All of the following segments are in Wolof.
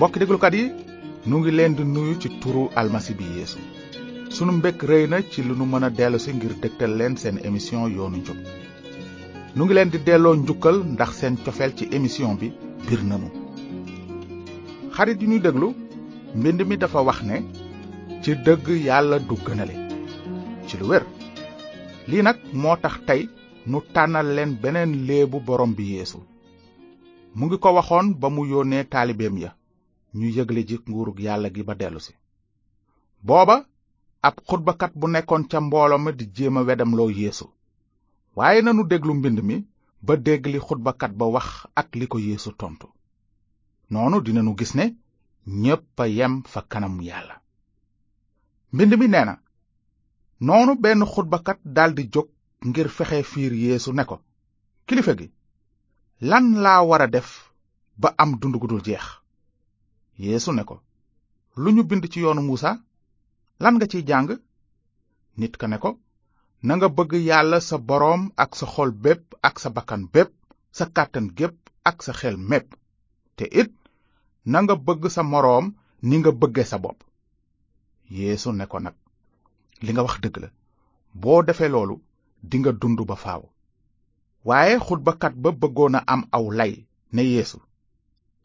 mbokk déglukat yi nu ngi leen di nuyu ci turu almasi bi yeesu sunu mbékk rëy na ci lu nu mën a dellu si ngir dëgtal leen seen émission yoonu njub nu ngi leen di delloo njukkal ndax seen cofeel ci émission bi bir nanu xarit yi ñuy déglu mbind mi dafa wax ne ci dëgg yàlla du gënale ci lu wér lii nag moo tax tey nu tànnal leen beneen léebu borom bi yeesu mu ngi ko waxoon ba mu yónnee taalibeem ya ñu yëgle ji nguurug yàlla gi dellusi booba ab xutbakat bu nekkoon ca mbooloo ma di jéem a wedamloo yeesu waaye nanu déglu mbind mi ba dégli xutbakat ba wax ak li ko yeesu tontu noonu dinanu gis ne ñépp a yem fa kanam yàlla mbind mi nee na noonu benn xutbakat daldi jóg ngir fexe fiir yéesu ne ko kilifa gi lan laa war a def ba am dund gu dul jeex yéesu ne ko lu ñu bind ci yoonu muusa lan nga ciy jàng nit ka ne ko nanga bëgg yàlla sa boroom ak sa xol bépp ak sa bakkan bépp sa kàttan gépp ak sa xel mépp te it nanga bëgg sa moroom ni nga bëgge sa bopp yéesu ne ko nag li nga wax dëgg la boo defee loolu dinga dund ba faaw waaye xutbakat ba bëggoon a am aw lay ne yéesu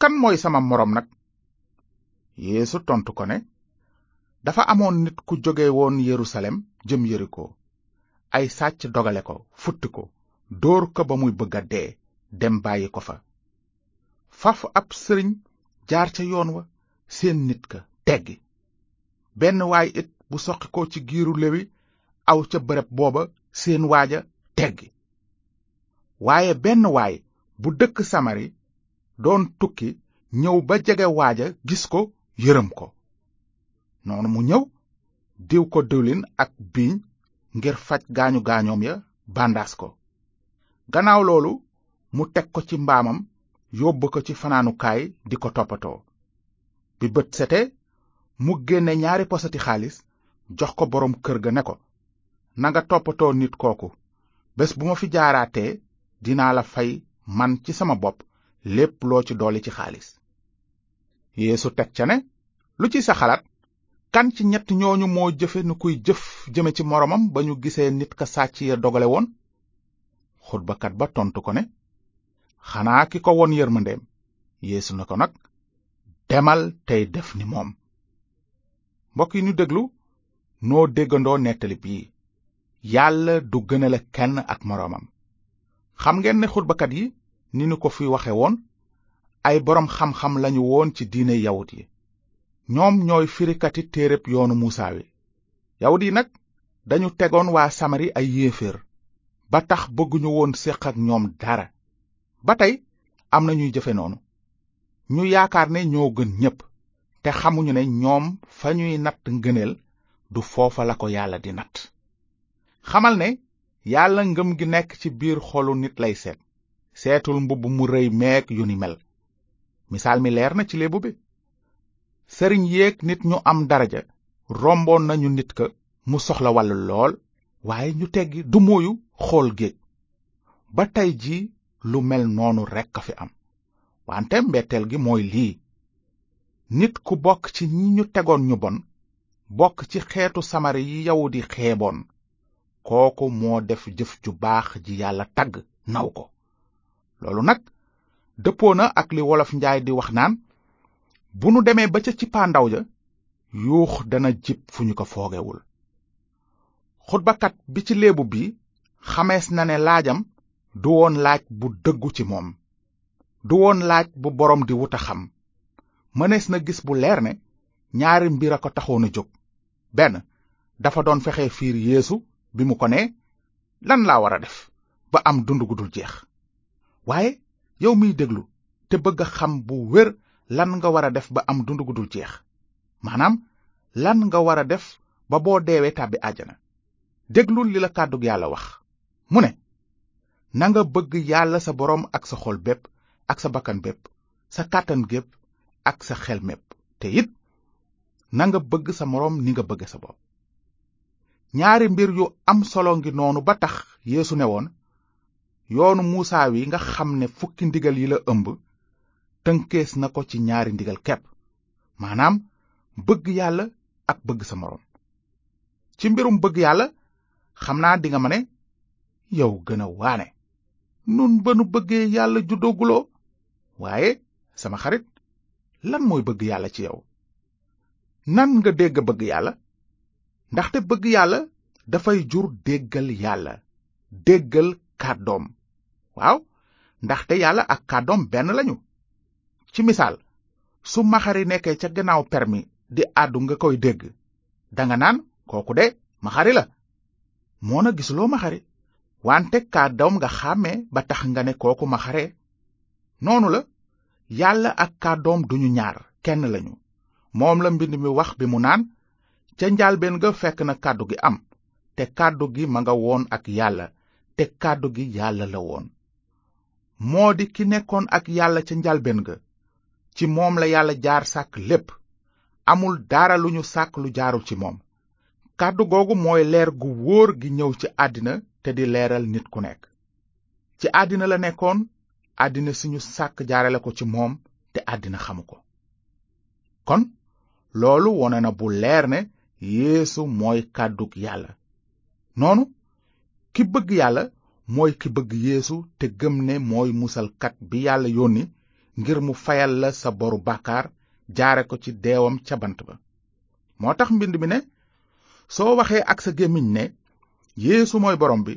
kan mooy sama moroom nag yeesu tontu ko ne dafa amoon nit ku jóge woon yerusalem jëm yeriko ay sàcc dogale ko futti ko dóor ko ba muy bëgg a dee dem bàyyi ko fa faf ab sëriñ jaar ca yoon wa seen nit ka teggi benn waay it bu soqi ko ci giiru lewi aw ca bërëb booba seen waaja teggi waaye benn waay bu dëkk samari doon tukki ñëw ba jege waaja gis ko yërëm ko noonu mu ñëw diw ko diwlin ak biiñ ngir faj gaañu gaañoom ya bandaas ko gannaaw loolu mu teg ko ci mbaamam yóbbu ko ci fanaanukaay di ko toppatoo bi bët sete mu génne ñaari posati xaalis jox ko boroom kër ga ne ko nanga toppatoo nit kooku bés bu ma fi jaaraatee dinaa la fay man ci sama bopp lépp loo ci dolli ci xaalis yéesu teg ca ne lu ci sa xalaat kan ci ñett ñooñu moo jëfe nu kuy jëf jëme ci moroomam ba ñu gisee nit ka sàcc ya dogale woon xutbakat ba tontu ko ne xanaa ki ko won yërmandeem yeesu na ko nag demal tey def ni moom mbokk yi ñu déglu noo déggandoo nettali bii yàlla du gënale kenn ak moroomam xam ngeen ne xutbakat yi ni ñu ko fi waxe woon ay boroom xam-xam lañu woon ci diine yawut yi ñoom ñooy firikati téereb yoonu muusaa wi yawut yi nag dañu tegoon waa samari ay yéeféer ba tax bëgguñu woon séq ak ñoom dara ba tey am na ñuy jëfe noonu ñu yaakaar ne ñoo gën ñépp te xamuñu ne ñoom fa ñuy natt ngëneel du foofa la ko yàlla di natt xamal ne yàlla ngëm gi nekk ci biir xolu nit lay seet seetul mbubb mu rëy meek yu ni mel misaal mi leer na ci léebu bi sëriñ yéeg nit ñu am daraja romboon nañu nit ka mu soxla wàllu lool waaye ñu teggi du mooyu xool géej ba tey ji lu mel noonu rekk a fi am wante mbetteel gi mooy lii nit ku bokk ci ñi ñu tegoon ñu bon bokk ci xeetu samari yi yawudi xeeboon kooku moo def jëf ju baax ji yàlla tagg naw ko loolu nag dëppoo na ak li wolof njaay di wax naan bu nu demee ba ca cippaandaw ja yuux dana jib fu ñu ko foogewul xutbakat bi ci léebu bi xamees na ne laajam du woon laaj bu dëggu ci moom du woon laaj bu boroom di wut a xam mënees na gis bu leer ne ñaari mbir a ko taxoon jóg benn dafa doon fexe fiir yéesu bi mu ko nee lan laa war a def ba am dund gu jeex waaye yow miy déglu te bëgg xam bu wér lan nga war a def ba am dund gu jeex maanaam lan nga war a def ba boo deewee tàbbi àjjana déglul li la kàddug yàlla wax mu ne na nga bëgg yàlla sa boroom ak sa xol bépp ak sa bakkan bépp sa kàttan gépp ak sa xel mépp te it nanga bëgg sa moroom ni nga bëgge sa bopp ñaari mbir yu am solo ngi noonu ba tax yéesu ne woon yoonu muusaa wi nga xam ne fukki ndigal yi la ëmb tënkees na ko ci ñaari ndigal kepp maanaam bëgg yàlla ak bëgg sa moroom ci mbirum bëgg yàlla xam naa dinga ma ne yow gën a waane nun ba nu bëggee yàlla juddooguloo waaye sama xarit lan mooy bëgg yàlla ci yow nan nga dégg bëgg yàlla ndaxte bëgg yàlla dafay jur déggal yàlla déggal kàddoom waaw ndaxte yàlla ak kàddoom benn lañu ci misaal su maxari nekkee ca gannaaw permi di àddu nga koy dégg danga naan kooku de maxari la moo na gisuloo maxari wante kàddoom nga xàmmee ba tax nga ne kooku maxare noonu la yàlla ak kàddoom duñu ñaar kenn lañu moom la mbind mi wax bi mu naan ca njaalbeen ga fekk na kàddu gi am te kàddu gi ma nga woon ak yàlla te kàddu gi yàlla la woon moo di ki nekkoon ak yàlla ca njalben ga ci moom la yàlla jaar sàkk lépp amul dara lu ñu sàkk lu jaarul ci moom kàddu googu mooy leer gu wóor gi ñëw ci àddina te di leeral nit ku nekk ci àddina la nekkoon àddina si ñu sàkk jaarale ko ci moom te àddina xamu ko kon loolu wone na bu leer ne yeesu mooy kàddug yàlla noonu ki bëgg yàlla mooy ki bëgg yéesu te gëm ne mooy musalkat bi yàlla yónni ngir mu fayal la sa boru bàkkaar jaare ko ci deewam ca bant ba moo tax mbind mi ne soo waxee ak sa gémmiñ ne yéesu mooy borom bi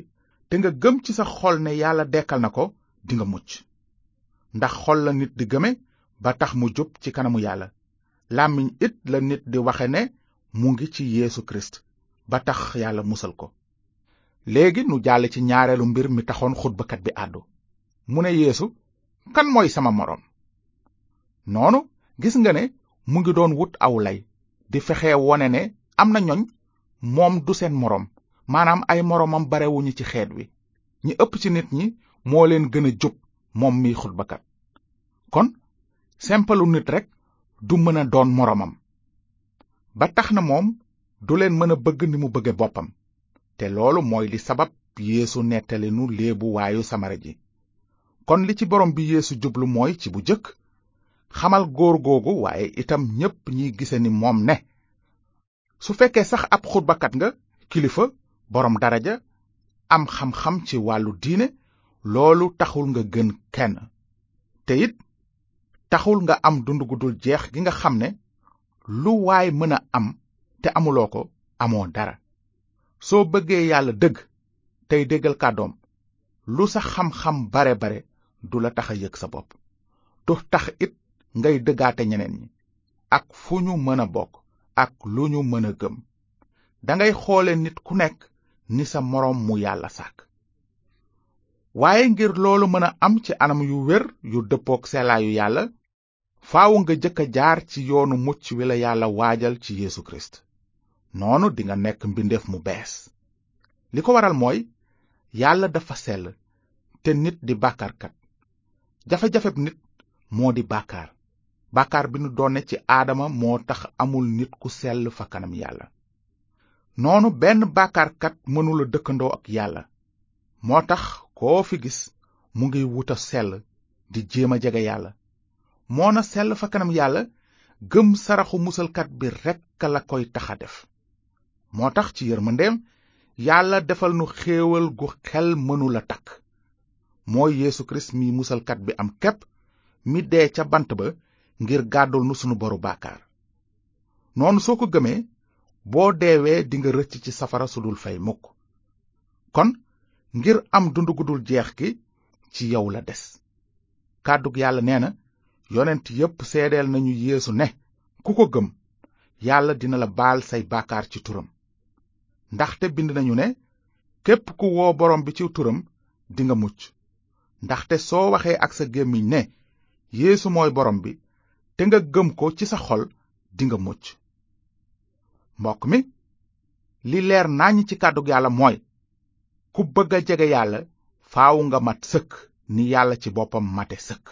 te nga gëm ci sa xol ne yàlla dekkal na ko dinga mucc ndax xol la nit di gëme ba tax mu jub ci kanamu yàlla làmmiñ it la nit di waxe ne mu ngi ci yéesu kirist ba tax yàlla musal ko léegi nu jàll ci ñaareelu mbir mi taxoon xutbakat bi àddu mu ne yéesu kan mooy sama moroom noonu gis nga ne mu ngi doon wut aw lay di fexe wone ne am na ñoñ moom du seen moroom maanaam ay moroomam barewuñu ci xeet wi ñi ëpp ci nit ñi moo leen gën a jub moom miy xutbakat kon sempalu nit rek du mën a doon moroomam ba tax na moom du leen mën a bëgg ni mu bëgge boppam te loolu mooy li sabab yéesu nettalinu léebu waayu samara ji kon li ci borom bi yéesu jublu mooy ci bu jëkk xamal góor googu waaye itam ñépp ñiy gise ni moom ne su fekkee sax ab xutbakat nga kilifa boroom dara ja am xam-xam ci wàllu diine loolu taxul nga gën kenn te it taxul nga am dund gu dul jeex gi nga xam ne lu waay mën a am te amuloo ko amoo dara soo bëggee yàlla dëgg tey déggal kàddoom lu sa xam-xam bare bare du la tax a yëg sa bopp du tax it ngay dëggaate ñeneen ñi ak fu ñu mën a bokk ak lu ñu mën a gëm dangay xoole nit ku nekk ni sa moroom mu yàlla sàkk waaye ngir loolu mën a am ci anam yu wér yu dëppook selaayu yàlla faaw nga jëkk jaar ci yoonu mucc wi la yàlla waajal ci Yeesu Kirist noonu dinga nekk mbindeef mu bees li ko waral mooy yàlla dafa sell te nit di bàkkaarkat jafe-jafeb nit moo di bàkkaar bàkkaar bi nu doone ci aadama moo tax amul nit ku sell fa kanam yàlla noonu benn bàkkaarkat mënula dëkkandoo ak yàlla moo tax koo fi gis mu ngi wuta sell di jéem a jege yàlla moo na sell fa kanam yàlla gëm saraxu musalkat bi rekk la koy taxa def moo tax ci yërmandeem yàlla defal nu xéewal gu xel mënula takk moo yéesu Kirist mi musalkat bi am képp mi dee ca bant ba ngir gàddul nu sunu boru baakaar noonu soo ko gëmee boo deewee dinga rëcc ci safara su dul fay mukk kon ngir am dund gu jeex gi ci yow la des kàddug yàlla nee na yonent yépp seedeel nañu yéesu ne ku ko gëm yàlla dina la baal say baakaar ci turam ndaxte bind nañu ne képp ku woo borom bi ci turam nga mucc ndaxte soo waxee ak sa gémmiñ ne yeesu mooy borom bi te nga gëm ko ci sa xol nga mucc mbokk mi li leer nañ ci kàddug yàlla mooy ku bëgg a jege yàlla faaw nga mat sëkk ni yàlla ci boppam mate sëkk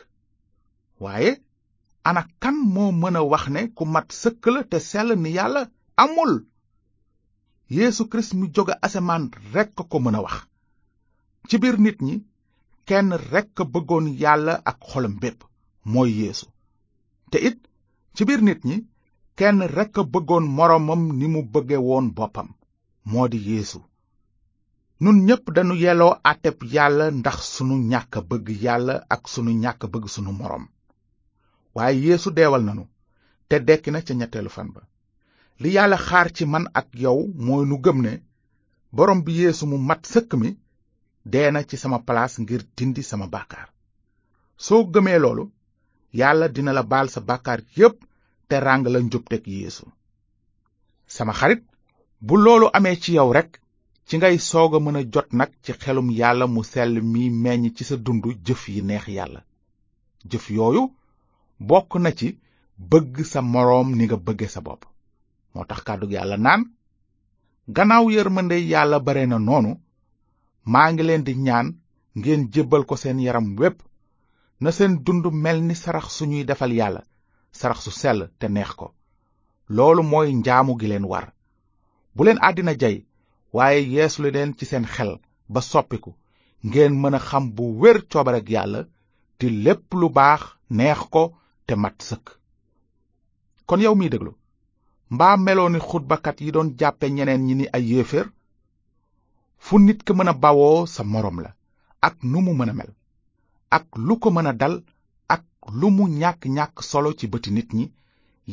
waaye ana kan moo mën a wax ne ku mat sëkk la te sell ni yàlla amul yéesu kirist mu jóge asamaan rekk a ko mën a wax ci biir nit ñi kenn rekk bëggoon yàlla ak xolam bépp mooy yeesu te it ci biir nit ñi kenn rekk a bëggoon moroomam ni mu bëgge woon boppam moo di yéesu nun ñépp dañu yelloo àtteb yàlla ndax sunu ñàkk bëgg yàlla ak sunu ñàkk bëgg sunu moroom waaye yéesu deewal nanu te dekki na ca ñetteelu fan ba li yàlla xaar ci man ak yow mooy nu gëm ne borom bi yeesu mu mat sëkk mi dee na ci sama palaas ngir dindi sama bàkkaar soo gëmee loolu yàlla dina la baal sa bàkkaar yépp te ràng la njubteg yéesu sama xarit bu loolu amee ci yow rekk ci ngay soog a mën a jot nag ci xelum yàlla mu sell mi meññ ci sa dund jëf yi neex yàlla jëf yooyu bokk na ci bëgg sa moroom ni nga bëgge sa bopp moo tax kàddug yàlla naan gannaaw yërmande yàlla bare na noonu maa ngi leen di ñaan ngeen jébbal ko seen yaram wépp na seen dund mel ni sarax suñuy defal yàlla sarax su sell te neex ko loolu mooy njaamu gi leen war bu leen àddina jay waaye yeeslu leen ci seen xel ba soppiku ngeen mën xam bu wér yàlla di lépp lu baax neex ko te mat sëkk kon yow déglu mbaa meloo ni xutbakat yi doon jàppe ñeneen ñi ni ay yéeféer fu nit ki mën a bawoo sa moroom la ak nu mu mën a mel ak lu ko mën a dal ak lu mu ñàkk-ñàkk solo ci bëti nit ñi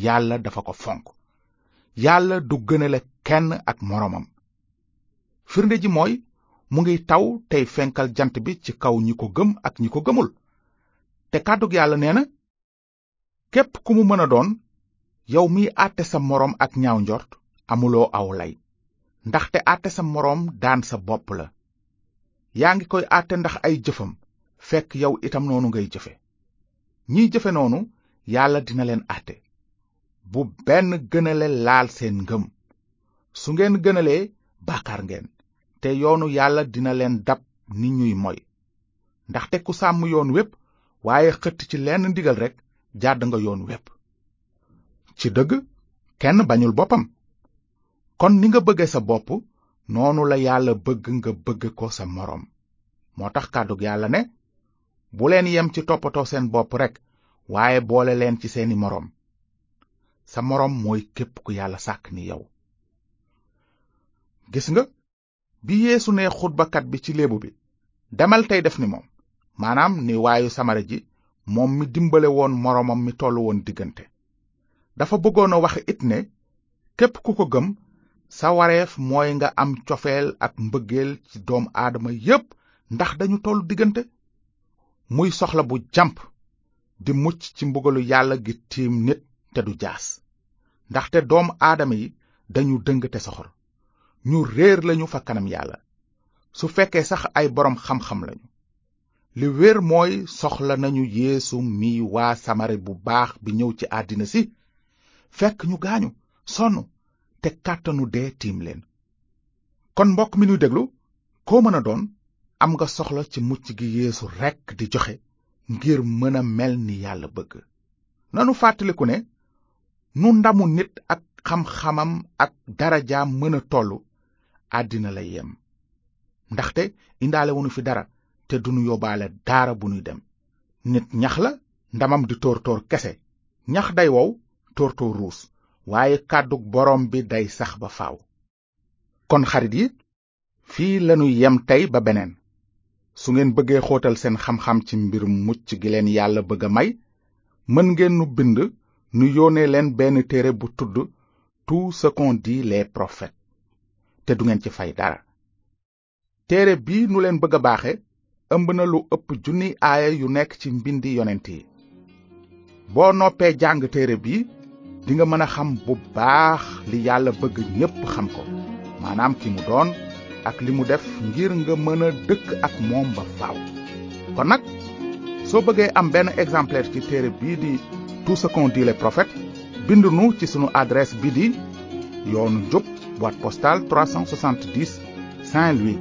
yàlla dafa ko fonk yàlla du gënale kenn ak moroomam firnde ji mooy mu ngi taw tey fenkal jant bi ci kaw ñi ko gëm ak ñi ko gëmul te kàddug yàlla nee na képp ku mu mën a doon yow mii àtte sa moroom ak ñaaw njort amuloo aw lay ndaxte àtte sa moroom daan sa bopp la yaa ngi koy àtte ndax ay jëfam fekk yow itam noonu ngay jëfe ñiy jëfe noonu yàlla dina leen àtte bu benn gënale laal seen ngëm su ngeen gënalee baakaar ngeen te yoonu yàlla dina leen dab ni ñuy moy ndax te ku sàmm yoon wépp waaye xëtt ci lenn ndigal rekk jàdd nga yoon wépp ci dëgg kenn bañul boppam kon ni nga bëgge sa bopp noonu la yàlla bëgg nga bëgg ko sa moroom moo tax kàddu yàlla ne bu leen yem ci toppatoo seen bopp rekk waaye boole leen ci seeni moroom sa moroom mooy képp ku yàlla sàkk ni yow gis nga bi yeesu ne xutbakat bi ci léebu bi demal tey def ni moom maanaam ni waayu samara ji moom mi dimbale woon moroomam mi tollu woon diggante dafa bëggoon a wax it ne képp ku ko gëm sa mooy nga am cofeel ak mbëggeel ci doom aadama yépp ndax dañu tollu diggante muy soxla bu jàmp di mucc ci mbugalu yàlla gi tiim nit te du jaas ndaxte doom aadama yi dañu dëng te soxor ñu réer lañu fa kanam yàlla su fekkee sax ay boroom xam-xam lañu li wér mooy soxla nañu yeesu mi waa samari bu baax bi ñëw ci àddina si fekk ñu gaañu sonn te kàttanu dee tiim leen kon mbokk mi nuy déglu koo mën a doon am nga soxla ci mucc gi yéesu rekk di joxe ngir mën a mel ni yàlla bëgg nanu fàttaliku ne nu ndamu nit ak xam-xamam ak darajaam mën a tollu àddina la yem ndaxte indaale wunu fi dara te duñu yóbbaale daara bu ñuy dem nit ñax la ndamam di tóor tóor kese ñax day wow toortoo ruus waaye kàddug boroom bi day sax ba faaw kon xarit yi fii lanu yem tey ba beneen su ngeen bëggee xóotal seen xamxam xam ci mbirum mucc gi leen yàlla bëgg a may mën ngeen nu bind nu yónnee leen benn téere bu tudd tu ce le dit te du ngeen ci fay dara téere bii nu leen bëgg a baaxe ëmb na lu ëpp junni aaya yu nekk ci mbindi yonent yi boo noppee jàng téere bii di nga mën a xam bu baax li yàlla bëgg ñépp xam ko maanaam ki mu doon ak li mu def ngir nga mën a dëkk ak moom ba faaw kon nag soo bëggee am benn exemplaire ci téere bii di tout ce qu'on dit les prophètes bind nu ci sunu adresse bi di yoonu njub boîte postale 370 saint louis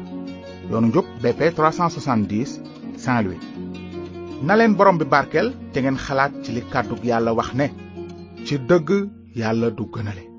yoonu njub bp 370 saint louis na leen borom bi barkel te ngeen xalaat ci li kàddug yàlla wax ne ci dëgg yàlla du gënale